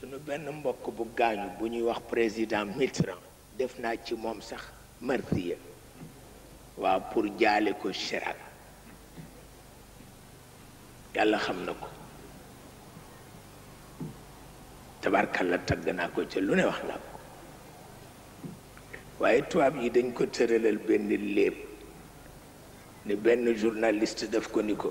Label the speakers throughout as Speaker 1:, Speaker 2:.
Speaker 1: sunu benn mbokk bu gaañu bu ñuy wax président Mitterrand def naa ci moom sax martiya waaw pour jaale ko Chirac yàlla xam na ko tabarkalla tagg naa ko ca lu ne wax naa ko waaye tubaab yi dañ ko tëralal benn léeb ne benn journaliste daf ko ni ko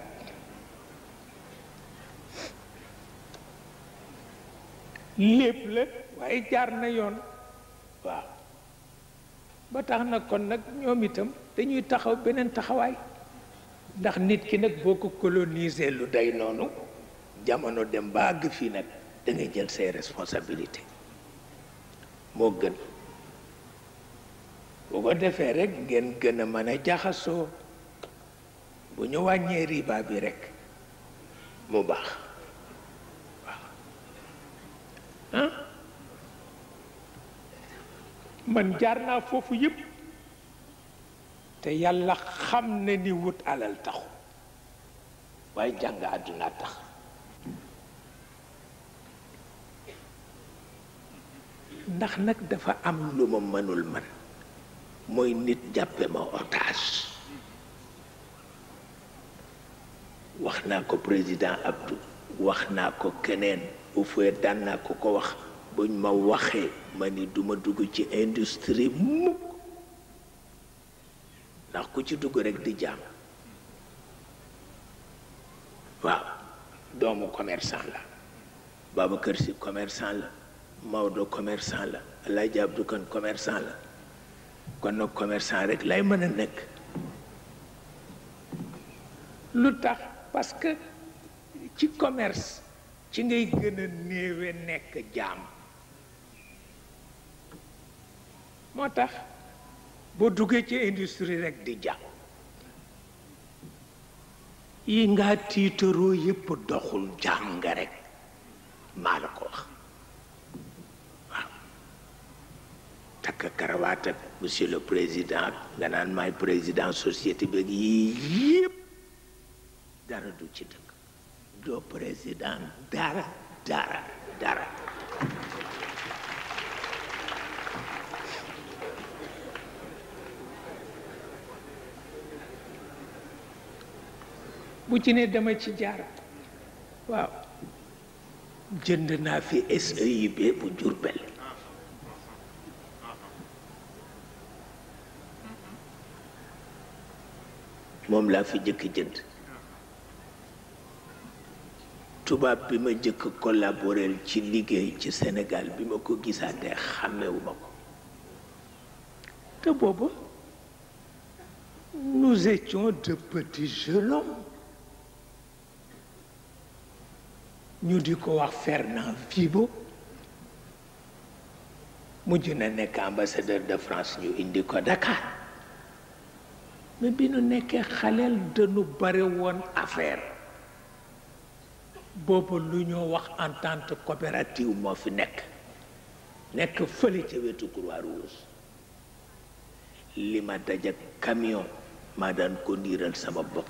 Speaker 1: lépp la waaye jaar na yoon waaw ba tax na kon nag ñoom itam dañuy taxaw beneen taxawaay ndax nit ki nag boo ko colonisé lu day noonu jamono dem ba àgg fii nag da ngay jël say responsabilité moo gën bu ko defee rekk ngeen gën a mën a jaxasoo bu ñu wàññee riba bi rek mu baax man jaar naa foofu yépp te yàlla xam ne ni wut alal taxu waaye jàng àdduna tax ndax nag dafa am lu ma mënul man mooy nit jàppe ma otage wax naa ko président Abdou wax naa ko keneen bu fee daan naa ko ko wax buñ ma waxee ma ni duma dugg ci industrie mukk ndax ku ci dugg rek di jaam waaw doomu commerçant la Babacar Sy commerçant la Maodo commerçant la Alaaji Abdu Kan commerçant la kon nag commerçant rek lay mën a nekk parce que ci commerce ci ngay gën a néewe nekk jaam moo tax boo duggee ci industrie rekk di jaam yi nga tiitaroo yépp doxul jaam nga rekk maa la ko wax waaw takk karawaat ak monsieur le président nga naan maay président société bi yépp dara du ci dëkk doo président dara dara dara bu ci ne ci jaar waaw jënd naa fi SEIB bu Jurbel moom laa fi jëkk jënd tubaab bi ma jëkk collaborel ci liggéey ci Sénégal bi ma ko gisaatee xàmmewuma ko te boobu nous étions de petits jeunes hommes ñu di ko wax Fernand Fibo mujj na nekk ambassadeur de France ñu indi ko Dakar mais bi nu nekkee xaleel dañu bare woon affaire Bobo luñu wax entente coopérative mo fi nek nek feulé ca wétu Croix-Rouge li dajak camion ma daan ko sama bopp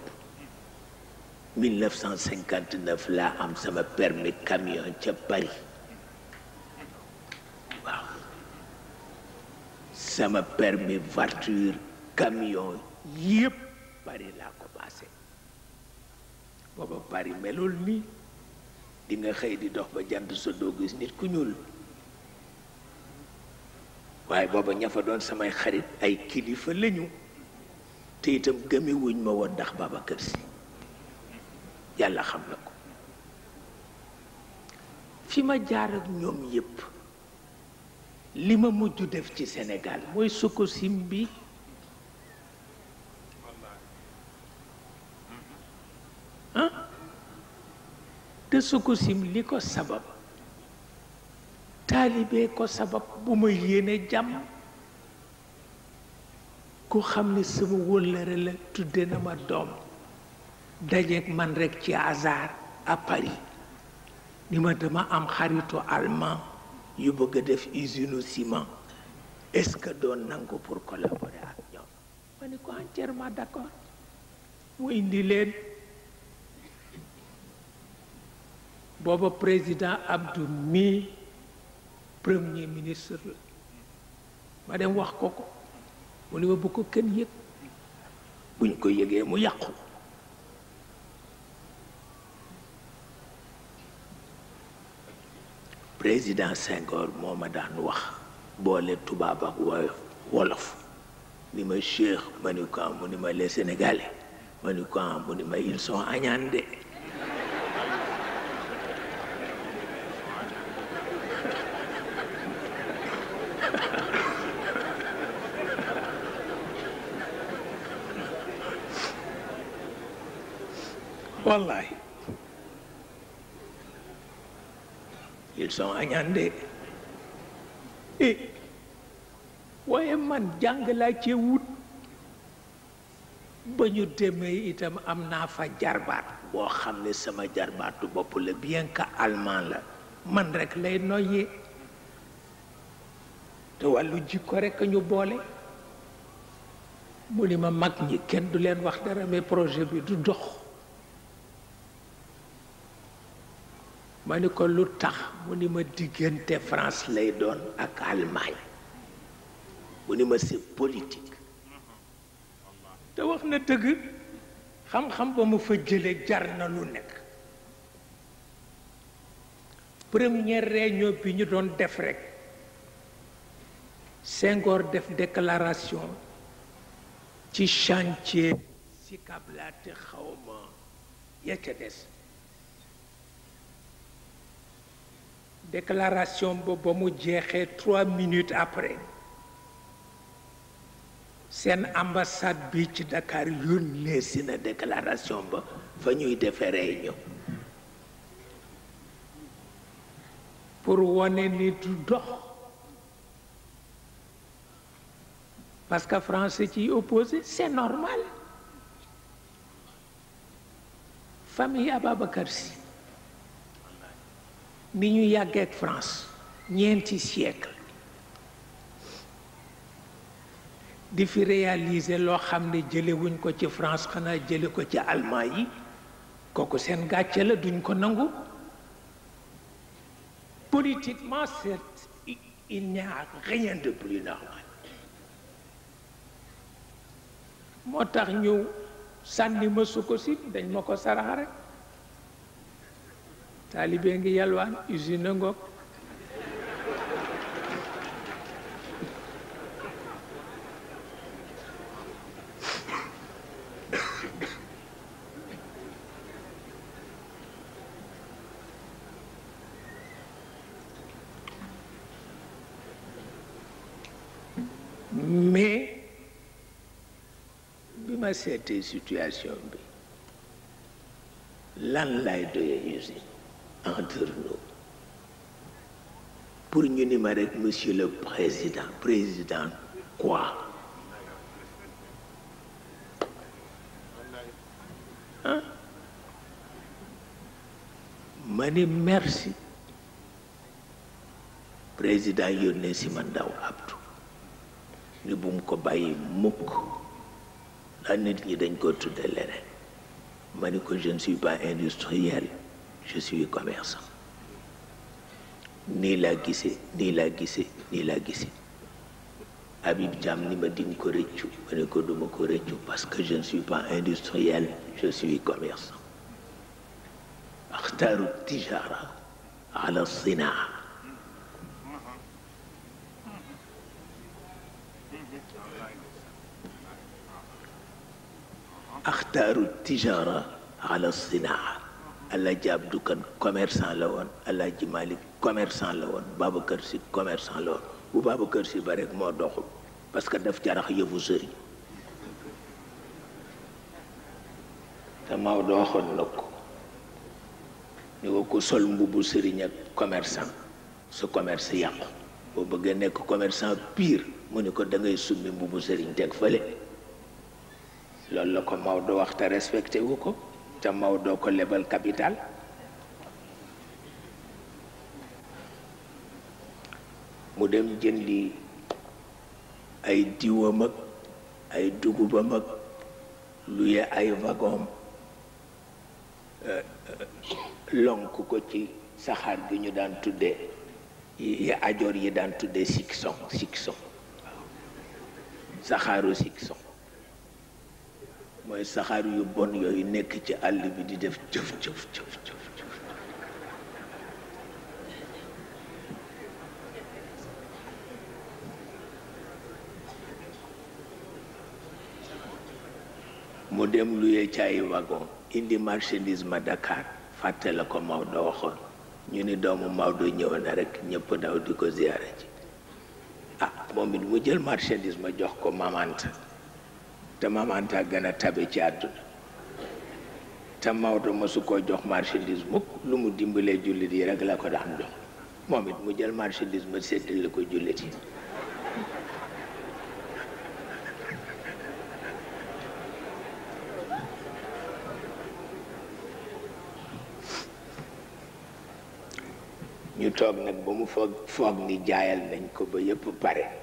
Speaker 1: 1959 la am sama permis camion ca Paris waaw sama permis voiture camion yépp Paris la ko passé Bobo Paris melul di nga xëy di dox ba jant sa doo gis nit ku ñul waaye booba ña fa doon samay xarit ay kilifa lañu te itam gëmi wuñ ma woon ndax baba Babacar Sy yàlla xam na ko fi ma jaar ak ñoom yépp li ma mujj def ci Sénégal mooy Sococim bi te su ko sim li ko sabab taalibee ko sabab bu ma yéene jàmm ku xam ne sama wóllëre la tudde na ma doom dajeeg man rekk ci hasard à Paris ni ma dama am xaritu allemand yu bëgg a def usine ciment est-ce que doon nangu pour collaborer ak ñoom ma ne ko entièrement d'accord mu indi leen booba président Abdou mi premier ministre la ma dem wax ko ko mu ne ma bu ko kenn yëg buñ ko yëgee mu yàqu président Senghor moo ma daan wax boole tubaab ak wolof ni ma Cheikh ma ni ko ah, mu ni ma les Sénégalais ma ni ko ah, mu ni ma ils sont añaande wallaay ils sont añande eh waaye man jàng laa cee wut ba ñu demee itam am naa fa jarbaat boo xam ne sama jarbaatu bopp la bien que allemand la man rek lay noyyee te wàllu jikko rek ñu boole mu ni ma mag ñi kenn du leen wax dara mais projet bi du dox ma ni ko lu tax mu ni ma diggante France lay doon ak Allemagne mu ni ma c'est politique te wax na dëgg xam-xam ba mu fa jële jar na lu nekk première réunion bi ñu doon def rekk Senghor def déclaration ci chantier Sicap xaw xawma ya ca des déclaration ba ba mu jexé trois minutes après sen ambassade bi ci Dakar yone une déclaration ba fa ñuy deferee réunion. pour wone ni du dox parce que france est opposé c'est normal famille Ababacar si ni ñu France ñeenti siècle di fi réaliser lo xamné ne jëlewuñ ko ci France xanaa jëlé ko ci Allemagne koku sen gatché la duñ ko nangu politiquement certes il n'y a rien de plus normal moo ñu sandi ma su ko dañ mako taalibee ngi yalwaan usine a ngoog mais bi ma seetee situation bi lan lay doye usine entre nous pour nous, ni ma monsieur le président président quoi hein? Mani merci président Yoné si Abdou Nous bu mu ko Je vous remercie. Je vous dañ ko je ne suis pas industriel je suis commerçant Ni la gisee ni la gisee ni la gisee Habib Diam ni ma di ko ne parce que je ne suis pas industriel je suis commerçant axtaaru tijara ala sinaa axtaaru tijara ala sinaa Allah Abdou dukan commerçant la Allah alaaji malik commerçant la won Babacar Sy commerçant la won bu Babacar Sy ba rek mo doxul parce que daf jarax yëfu seuri ta ma waxoon na ni ko sol mbubu seuri ak commerçant ce commerce yaq bo bëggee nekk commerçant pire mu ni ko da ngay summi mbubu seuri tek fele lol la ko do wax te respecté wuko te Maodo ko lebal capital mu dem jëndi ay diwam ak ay dugubam ak luye ay wagon euh, euh, lonk ko ci saxaar bi ñu daan tudde yi ajoor yi daan tuddee sikson sikson saxaaru sikson mooy saxaar yu bon yooyu nekk ci àll bi di def jëf jëf jëf jëf mu dem luye ci ay wagon indi marchandise ma Dakar fàtte la ko Maodo waxoon ñu ni doomu Maodo ñëw na rek ñëpp daw di ko ziyaare ci ah moom it mu jël marchandise ma jox ko mamanta te Maam Anta gën a tabe ci àdduna te Maodo mosu koo jox marchandise mukk lu mu dimbalee jullit yi rek la ko daan jox moom it mu jël marchandise ma la ko jullit yi ñu toog nag ba mu foog foog ni jaayal nañ ko ba yëpp pare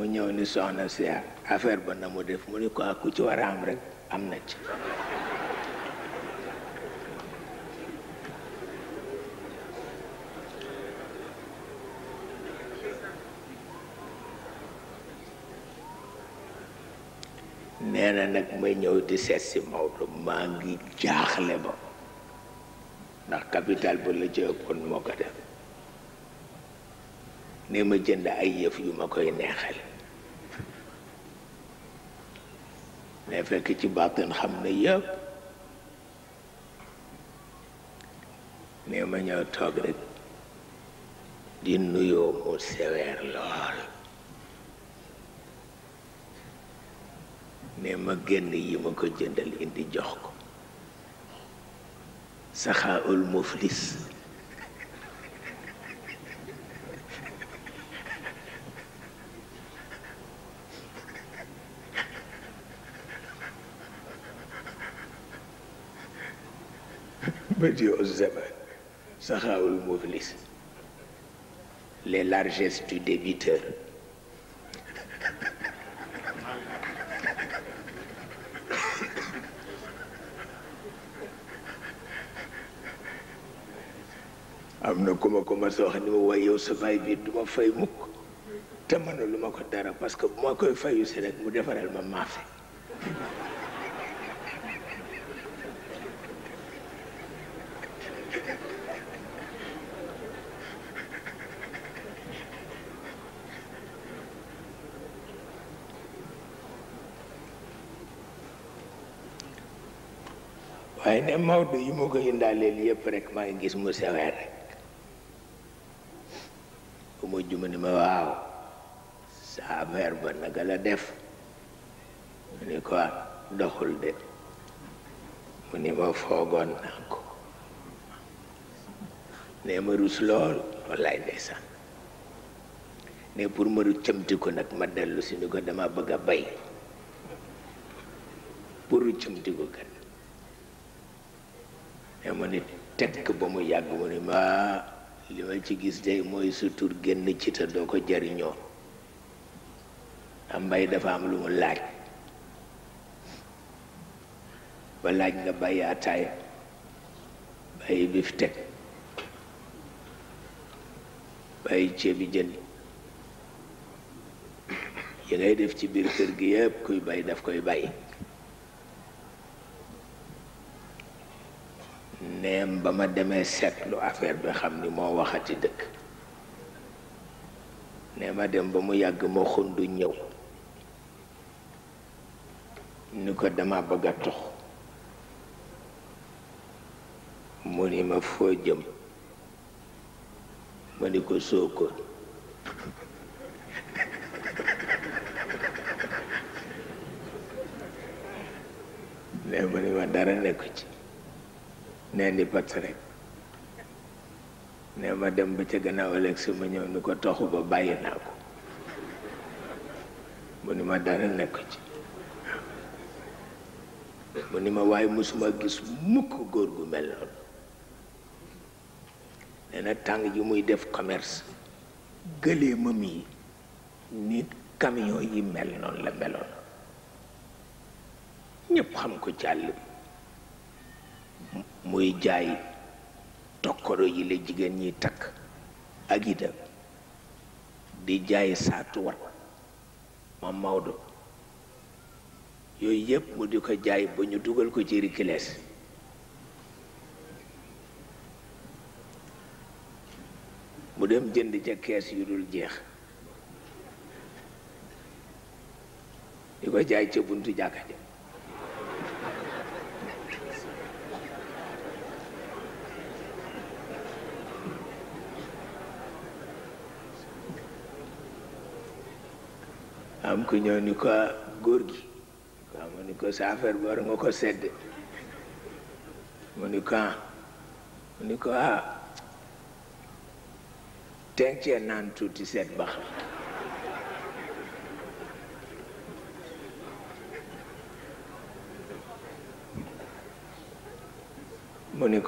Speaker 1: mu ñëw ni soxna si affaire ba na mu def mu ni ko ak ah, ku ci war a am rek am na ci nee nag may ñëw di seet si Maodo maa ngi jaaxle ba ndax capital ba la jëkkoon moo ko def ne ma jënd ay yëf yu ma koy neexale mais fekk ci baatin xam na yëpp ne ma ñëw toog rek di nuyoo mu seweer lool mais ma génn yi ma ko jëndal indi jox ko saxaaul muflis بديع الزمان سخاء المفلس les largesses du débiteur am wax ni yow sa bi fay te ko dara parce que bu ma koy fayu si rek mu ma waaye ne Maodo yi moo ko indaaleel yépp rek maa ngi gis mu sewee rek bu mujj mu ni ma waaw saa meer ba naka la def mu ni ko ah, doxul de mu ni ma foogoon naa ko ne ma rus lool wallaay ndeysaan ne pour ma rus cëmti ko nag ma dellu si ni ko dama bëgg a bay pour cëmti ko kat mais ma ni tekk ba mu yàgg mu ni ma li ma ci gis day mooy sutur génn ci te doo ko jariñoo am mbay dafa am lu mu laaj ba laaj nga bàyyi ataaya bàyyi bi fi teg bàyyi ceebi jën yi ngay def ci biir kër gi yëpp kuy bay daf koy bàyyi neem ba ma demee seetlu affaire bi xam ni moo waxati dëkk nee ma dem ba mu yàgg ma xundu ñëw ni ko dama bëgg a tox mu ni ma foo jëm ma ni ko soo ko nee ma ni ma dara nekku ci nee ni pat rek ne ma dem ba ca gannaaw ëllëg si ma ñëw ni ko toxu ba bàyyi naa ko mu ni ma dara nekk ci mu ni ma waaye mosuma gis mukk góor gu mel noonu nee tàng ji muy def commerce gëlee mam yi nit camion yi mel noonu la meloon ñépp xam ko ci bi muy jaay tokkoro yi la jigéen ñi takk ak itam di jaay saatu wat moom Maodo yooyu yëpp mu di ko jaay ba ñu dugal ko ci rikilees mu dem jënd ca kees yu dul jeex di ko jaay ca buntu jàkka ja am ku ñëw ni ko ah, góor gi waaw mu ni ko sa affaire war ko sedd mu ni ko ah mu ni ko ah teg cee tuuti seet ba ni